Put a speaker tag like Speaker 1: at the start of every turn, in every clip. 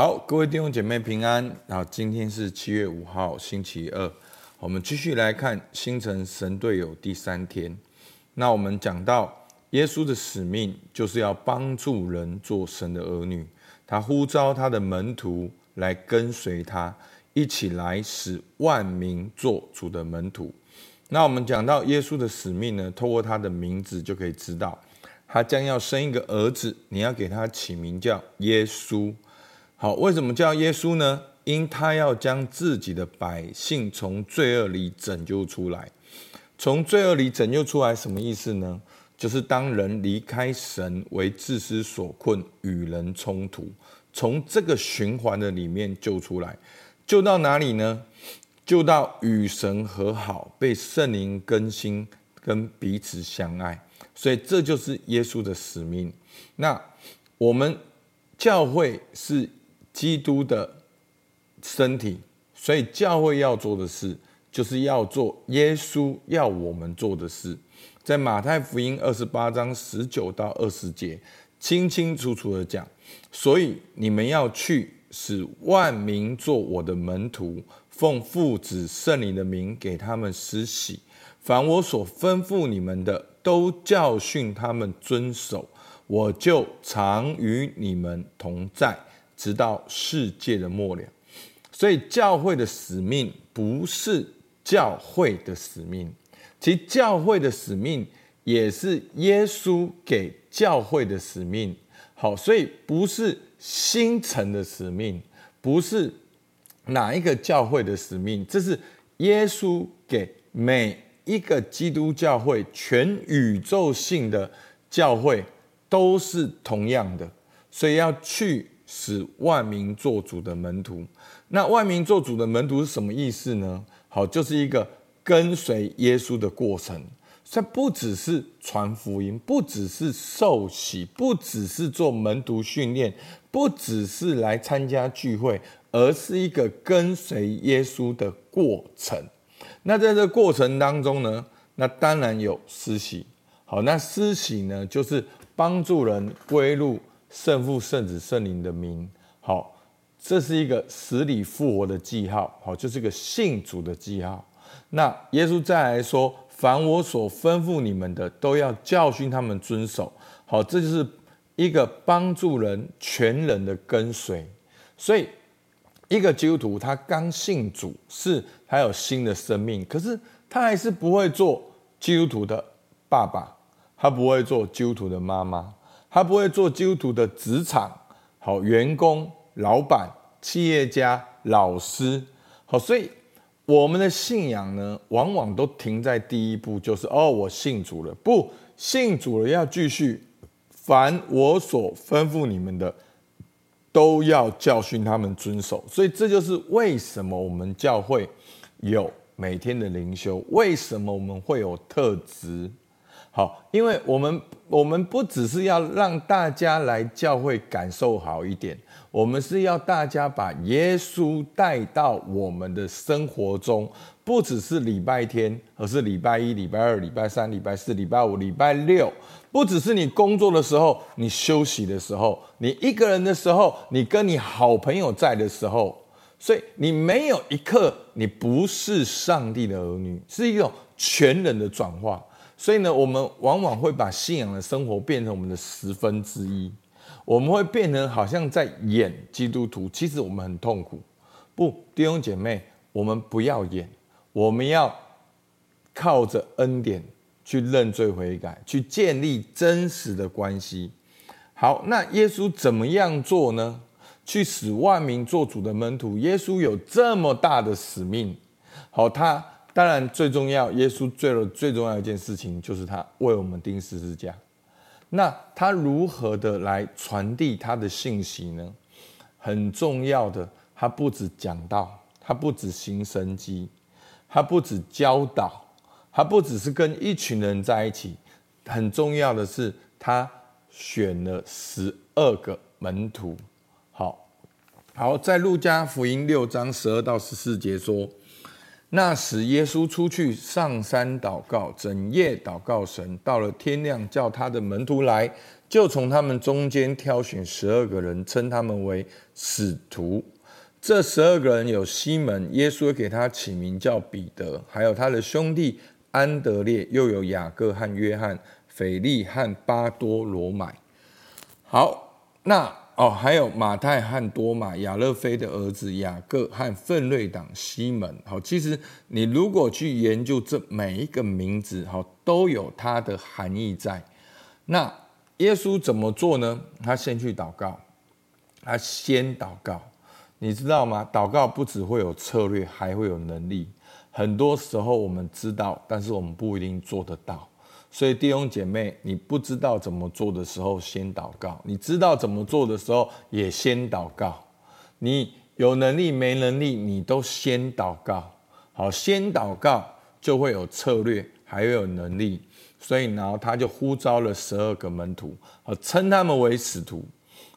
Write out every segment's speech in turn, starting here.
Speaker 1: 好，各位弟兄姐妹平安。好，今天是七月五號，星期二。我們繼續來看《新城神隊友》第三天。那我們講到耶穌的使命，就是要幫助人做神的兒女。他呼召他的門徒來跟隨他，一起來使萬民做主的門徒。那我們講到耶穌的使命呢？透過他的名字就可以知道，他將要生一個兒子，你要給他起名叫耶穌。好，為什麼叫耶穌呢？因他要將自己的百姓從罪惡裡拯救出來，從罪惡裡拯救出來什麼意思呢？就是當人離開神，為自私所困，與人衝突，從這個循環的裡面救出來，救到哪裡呢？救到與神和好，被聖靈更新，跟彼此相愛。所以這就是耶穌的使命。那我們教會是基督的身體，所以教會要做的事，就是要做耶穌要我們做的事。在馬太福音二十八章十九到二十節，清清楚楚的講。所以你們要去，使萬民做我的門徒，奉父子聖靈的名給他們施洗。凡我所吩咐你們的，都教訓他們遵守。我就常與你們同在。直到世界的末了，所以教會的使命不是教會的使命，其教會的使命也是耶穌給教會的使命。好，所以不是新城的使命，不是哪一個教會的使命，這是耶穌給每一個基督教會全宇宙性的教會都是同樣的，所以要去。使萬民作主的門徒，那萬民作主的門徒是什麼意思呢？好，就是一個跟隨耶穌的過程。這不只是傳福音，不只是受洗，不只是做門徒訓練，不只是來參加聚會，而是一個跟隨耶穌的過程。那在這過程當中呢，那當然有施洗。好，那施洗呢，就是幫助人歸入。聖父、聖子、聖靈的名，好，這是一個死裡復活的記號，好，就是一個信主的記號。那耶穌再來說：“凡我所吩咐你們的，都要教訓他們遵守。”好，這就是一個幫助人全人的跟隨。所以，一個基督徒他剛信主是還有新的生命，可是他還是不會做基督徒的爸爸，他不會做基督徒的媽媽。他不會做基督徒的職場、好員工、老闆、企業家、老師，好，所以我們的信仰呢，往往都停在第一步，就是哦，我信主了。不，信主了要繼續，凡我所吩咐你們的，都要教訓他們遵守。所以這就是為什麼我們教會有每天的靈修，為什麼我們會有特質。好，因為我們我們不只是要讓大家來教會感受好一點，我們是要大家把耶穌帶到我們的生活中，不只是禮拜天，而是禮拜一、禮拜二、禮拜三、禮拜四、禮拜五、禮拜六，不只是你工作的時候，你休息的時候，你一個人的時候，你跟你好朋友在的時候，所以你沒有一刻你不是上帝的兒女，是一種全人的轉化。所以呢，我們往往會把信仰的生活變成我們的十分之一，我們會變成好像在演基督徒，其實我們很痛苦。不，弟兄姐妹，我們不要演，我們要靠着恩典去認罪悔改，去建立真實的關係。好，那耶穌怎麼樣做呢？去使萬民做主的門徒。耶穌有這麼大的使命。好，他。當然，最重要，耶穌最了最重要的一件事情，就是他為我們釘十字架。那他如何的來傳遞他的信息呢？很重要的，他不止講道，他不止行神蹟，他不止教導，他不只是跟一群人在一起。很重要的是，他選了十二個門徒。好好，在路加福音六章十二到十四節說。那時，耶穌出去上山禱告，整夜禱告神。到了天亮，叫他的門徒來，就從他們中間挑選十二個人，稱他們為使徒。這十二個人有西門，耶穌給他起名叫彼得；還有他的兄弟安得烈，又有雅各和約翰、腓力和巴多羅買。好，那。哦，還有馬太和多馬，亞勒腓的兒子雅各和奮銳黨西門。好，其實你如果去研究這每一個名字，都有它的含義在。那耶穌怎麼做呢？他先去禱告，他先禱告，你知道嗎？禱告不只會有策略，還會有能力。很多時候我們知道，但是我們不一定做得到。所以弟兄姐妹，你不知道怎麼做的時候，先禱告；你知道怎麼做的時候，也先禱告。你有能力沒能力，你都先禱告。好，先禱告就會有策略，還會有能力。所以，呢，他就呼召了十二個門徒，啊，稱他們為使徒。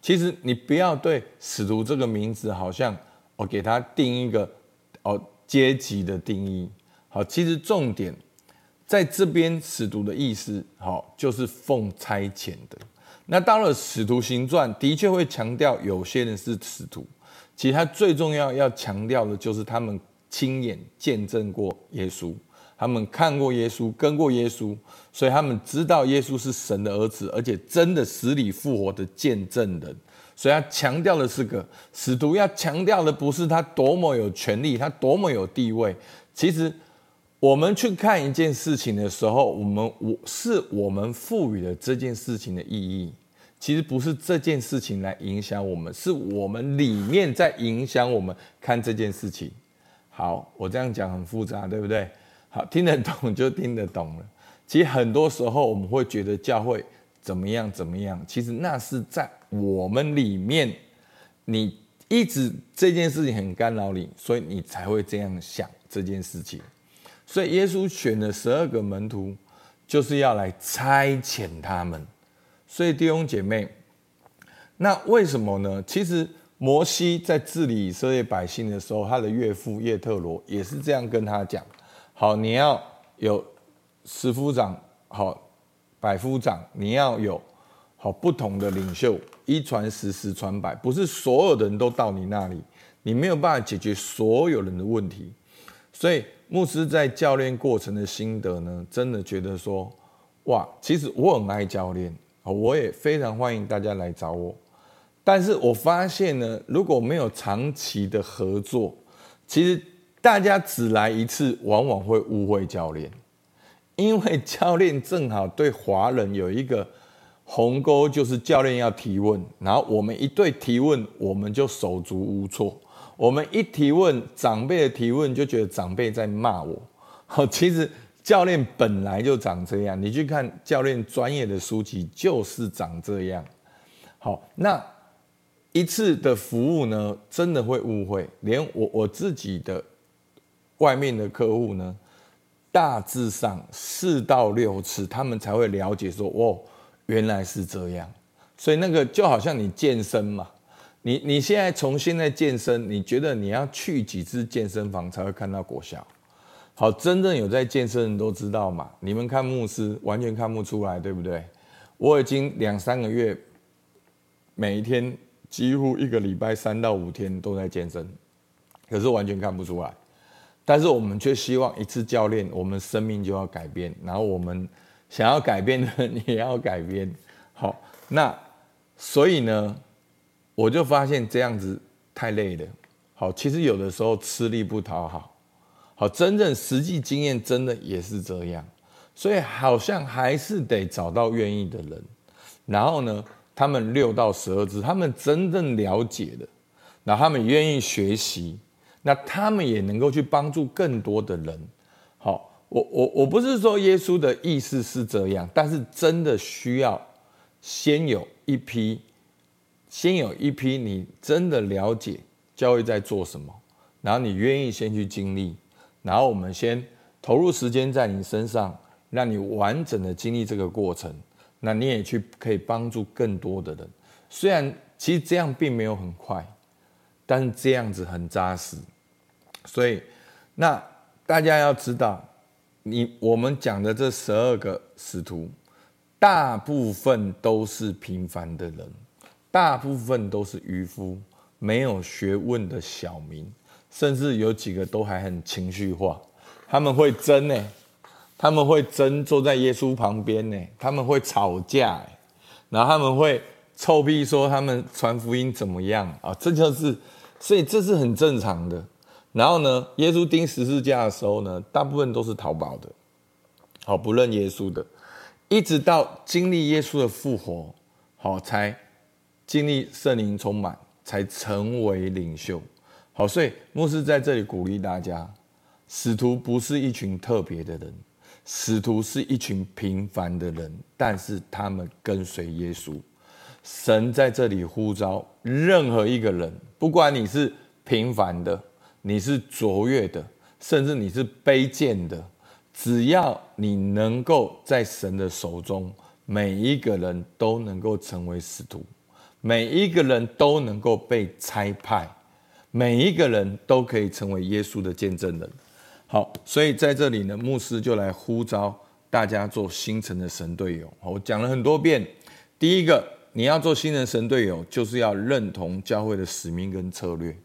Speaker 1: 其實你不要對“使徒”這個名字好像我給他定一個哦階級的定義。好，其實重點。在這邊使徒的意思，好，就是奉差遣的。那到了《使徒行傳》，的確會強調有些人是使徒。其實他最重要要強調的，就是他們親眼見證過耶穌，他們看過耶穌，跟過耶穌，所以他們知道耶穌是神的兒子，而且真的死裡復活的見證人。所以，他強調的是個使徒，要強調的不是他多麼有權力，他多麼有地位。其實。我們去看一件事情的時候，我們我是我們賦予了這件事情的意義，其實不是這件事情來影響我們，是我們裡面在影響我們看這件事情。好，我這樣講很複雜，對不對？好，聽得懂就聽得懂了。其實很多時候我們會覺得教會怎麼樣怎麼樣，其實那是在我們裡面，你一直這件事情很干擾你，所以你才會這樣想這件事情。所以耶穌選的十二個門徒，就是要來差遣他們。所以弟兄姐妹，那為什麼呢？其實摩西在治理以色列百姓的時候，他的岳父葉特羅也是這樣跟他講：好，你要有十夫長，好百夫長，你要有好不同的領袖，一傳十，十傳百，不是所有的人都到你那裡，你沒有辦法解決所有人的問題。所以牧師在教練過程的心得呢，真的覺得說，哇，其實我很愛教練啊，我也非常歡迎大家來找我。但是我發現呢，如果沒有長期的合作，其實大家只來一次，往往會誤會教練，因為教練正好對華人有一個鴻溝，就是教練要提問，然後我們一對提問，我們就手足無措。我們一提問，長輩的提問，就覺得長輩在罵我。好，其實教練本來就長這樣，你去看教練專業的書籍，就是長這樣。好，那一次的服務呢，真的會誤會，連我我自己的外面的客戶呢，大致上四到六次，他們才會了解說，哦，原來是這樣。所以那個就好像你健身嘛。你你現在重新在健身，你覺得你要去幾次健身房才會看到果效？好，真正有在健身的人都知道嘛。你們看牧師完全看不出來，對不對？我已經兩三個月，每一天幾乎一個禮拜三到五天都在健身，可是完全看不出來。但是我們卻希望一次教練，我們生命就要改變，然後我們想要改變的，你也要改變。好，那所以呢？我就發現這樣子太累了，好，其實有的時候吃力不討好，好，真正實際經驗真的也是這樣，所以好像還是得找到願意的人，然後呢，他們六到十二隻，他們真正了解的，那他們願意學習，那他們也能夠去幫助更多的人，好，我我我不是說耶穌的意思是這樣，但是真的需要先有一批。先有一批你真的了解教育在做什麼，然後你願意先去經歷，然後我們先投入時間在你身上，讓你完整的經歷這個過程，那你也去可以幫助更多的人。雖然其實這樣並沒有很快，但是這樣子很扎實。所以，那大家要知道，你我們講的這十二個使徒，大部分都是平凡的人。大部分都是漁夫，沒有學問的小民，甚至有幾個都還很情緒化。他們會爭呢、欸，他們會爭坐在耶穌旁邊呢、欸，他們會吵架、欸，然後他們會臭屁說他們傳福音怎麼樣啊？這就是，所以這是很正常的。然後呢，耶穌釘十字架的時候呢，大部分都是逃跑的，好、啊、不認耶穌的，一直到經歷耶穌的復活，好、啊、才。經歷聖靈充滿，才成為領袖。好，所以牧師在這裡鼓勵大家：使徒不是一群特別的人，使徒是一群平凡的人，但是他們跟隨耶穌。神在這裡呼召任何一個人，不管你是平凡的，你是卓越的，甚至你是卑賤的，只要你能夠在神的手中，每一個人都能夠成為使徒。每一個人都能夠被差派，每一個人都可以成為耶穌的見證人。好，所以在這裡呢，牧師就來呼召大家做新城的神隊友。好，我講了很多遍，第一個，你要做新城神隊友，就是要認同教會的使命跟策略。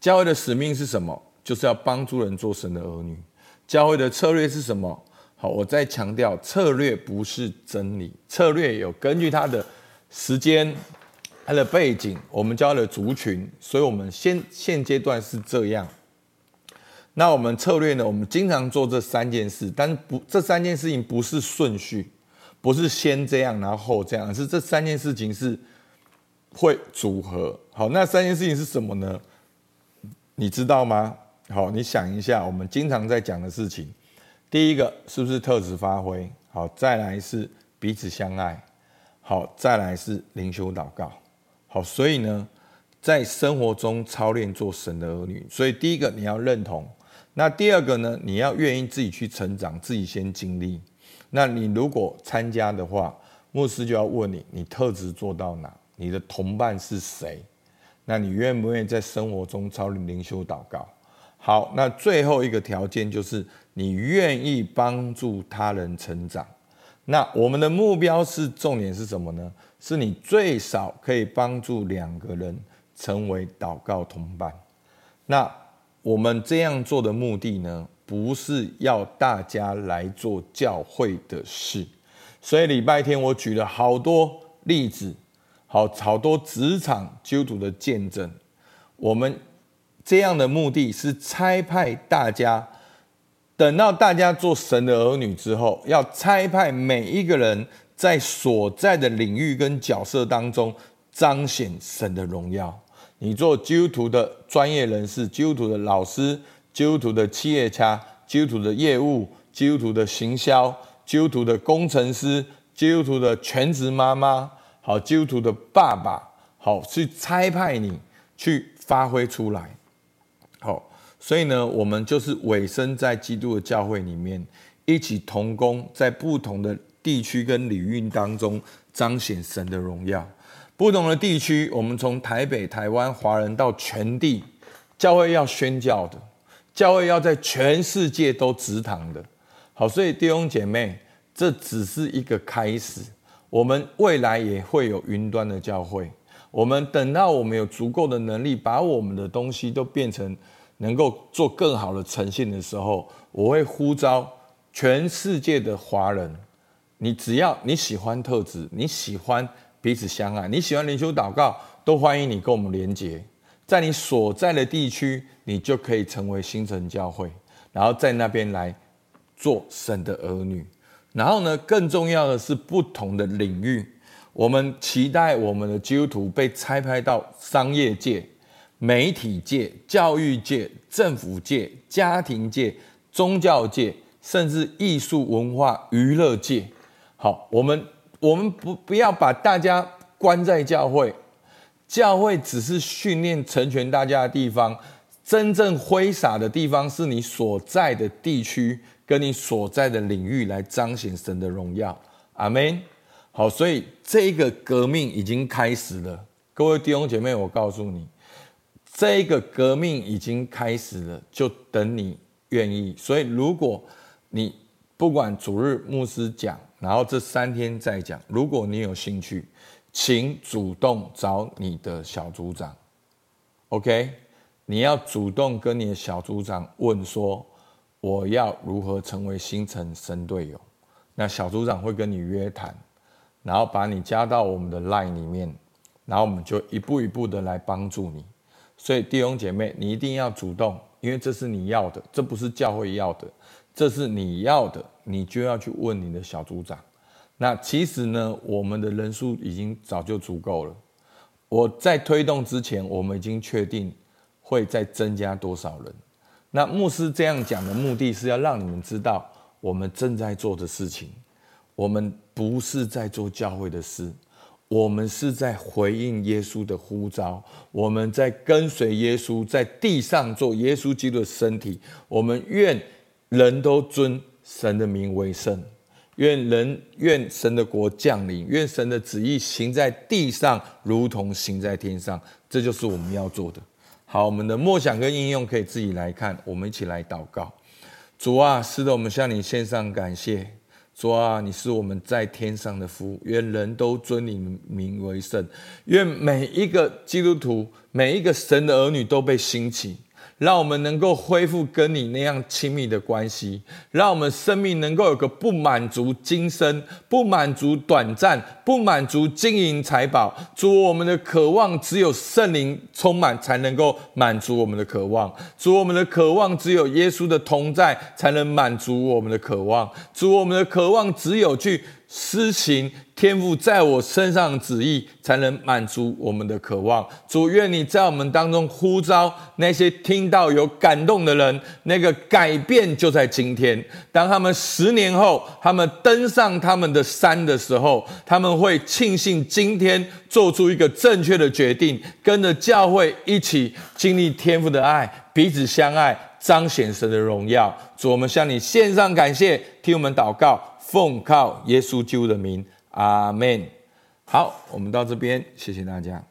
Speaker 1: 教會的使命是什麼？就是要幫助人做神的兒女。教會的策略是什麼？好，我再強調，策略不是真理，策略有根據他的時間。他的背景，我們教的族群，所以，我們現現階段是這樣。那我們策略呢？我們經常做這三件事，但是不，這三件事情不是順序，不是先這樣，然後這樣，而是這三件事情是會組合。好，那三件事情是什麼呢？你知道嗎？好，你想一下，我們經常在講的事情，第一個是不是特質發揮？好，再來是彼此相愛，好，再來是靈修禱告。好，所以呢，在生活中操練做神的兒女。所以第一個你要認同，那第二個呢，你要願意自己去成長，自己先經歷。那你如果參加的話，牧師就要問你，你特質做到哪？你的同伴是誰？那你願不願意在生活中操練靈修禱告？好，那最後一個條件就是，你願意幫助他人成長。那我們的目標是重點是什麼呢？是你最少可以幫助兩個人成為禱告同伴。那我們這樣做的目的呢，不是要大家來做教會的事。所以禮拜天我舉了好多例子，好，好多職場基督徒的見證。我們這樣的目的是差派大家。等到大家做神的兒女之後，要差派每一個人在所在的領域跟角色當中彰顯神的榮耀。你做基督徒的專業人士，基督徒的老師，基督徒的企業家，基督徒的業務，基督徒的行銷，基督徒的工程師，基督徒的全職媽媽，好，基督徒的爸爸，好，去差派你去發揮出來，好。所以呢，我們就是委身在基督的教會裡面，一起同工，在不同的地區跟領域當中彰顯神的榮耀。不同的地區，我們從台北、台灣華人到全地教會要宣教的，教會要在全世界都植堂的。好，所以弟兄姐妹，這只是一個開始，我們未來也會有雲端的教會。我們等到我們有足夠的能力，把我們的東西都變成。能夠做更好的誠信的時候，我會呼召全世界的華人。你只要你喜歡特質，你喜歡彼此相愛，你喜歡靈修禱告，都歡迎你跟我們連接。在你所在的地區，你就可以成為新城教會，然後在那邊來做神的兒女。然後呢，更重要的是不同的領域，我們期待我們的基督徒被差派到商業界。媒體界、教育界、政府界、家庭界、宗教界，甚至藝術文化娛樂界，好，我們我們不不要把大家關在教會，教會只是訓練成全大家的地方，真正揮灑的地方是你所在的地區跟你所在的領域，來彰顯神的榮耀，阿們好，所以這個革命已經開始了，各位弟兄姐妹，我告訴你。這個革命已經開始了，就等你願意。所以，如果你不管主日牧師講，然後這三天再講，如果你有興趣，請主動找你的小組長。OK，你要主動跟你的小組長問說，我要如何成為新城神隊友？那小組長會跟你約談，然後把你加到我們的 LINE 裡面，然後我們就一步一步的來幫助你。所以弟兄姐妹，你一定要主動，因為這是你要的，這不是教會要的，這是你要的，你就要去問你的小組長。那其實呢，我們的人數已經早就足夠了。我在推動之前，我們已經確定會再增加多少人。那牧師這樣講的目的是要讓你們知道，我們正在做的事情，我們不是在做教會的事。我們是在回應耶穌的呼召，我們在跟隨耶穌，在地上做耶穌基督的身體。我們願人都尊神的名為聖，願人願神的國降臨，願神的旨意行在地上，如同行在天上。這就是我們要做的。好，我們的默想跟應用可以自己來看，我們一起來禱告。主啊，是的，我們向你獻上感謝。主啊，你是我們在天上的父，願人都尊你名為聖，願每一個基督徒，每一個神的兒女都被興起。讓我們能夠恢復跟你那樣親密的關係，讓我們生命能夠有個不滿足今生、不滿足短暫、不滿足金銀財寶。主，我們的渴望只有聖靈充滿才能夠滿足我們的渴望；主，我們的渴望只有耶穌的同在才能滿足我們的渴望；主，我們的渴望只有去施行。天父在我身上的旨意才能滿足我們的渴望。主願你在我們當中呼召那些聽到有感動的人，那個改變就在今天。當他們十年後，他們登上他們的山的時候，他們會慶幸今天做出一個正確的決定，跟着教會一起經歷天父的愛，彼此相愛，彰顯神的榮耀。主，我們向你獻上感謝，聽我們禱告，奉靠耶穌基督的名。阿門。好，我們到這邊，謝謝大家。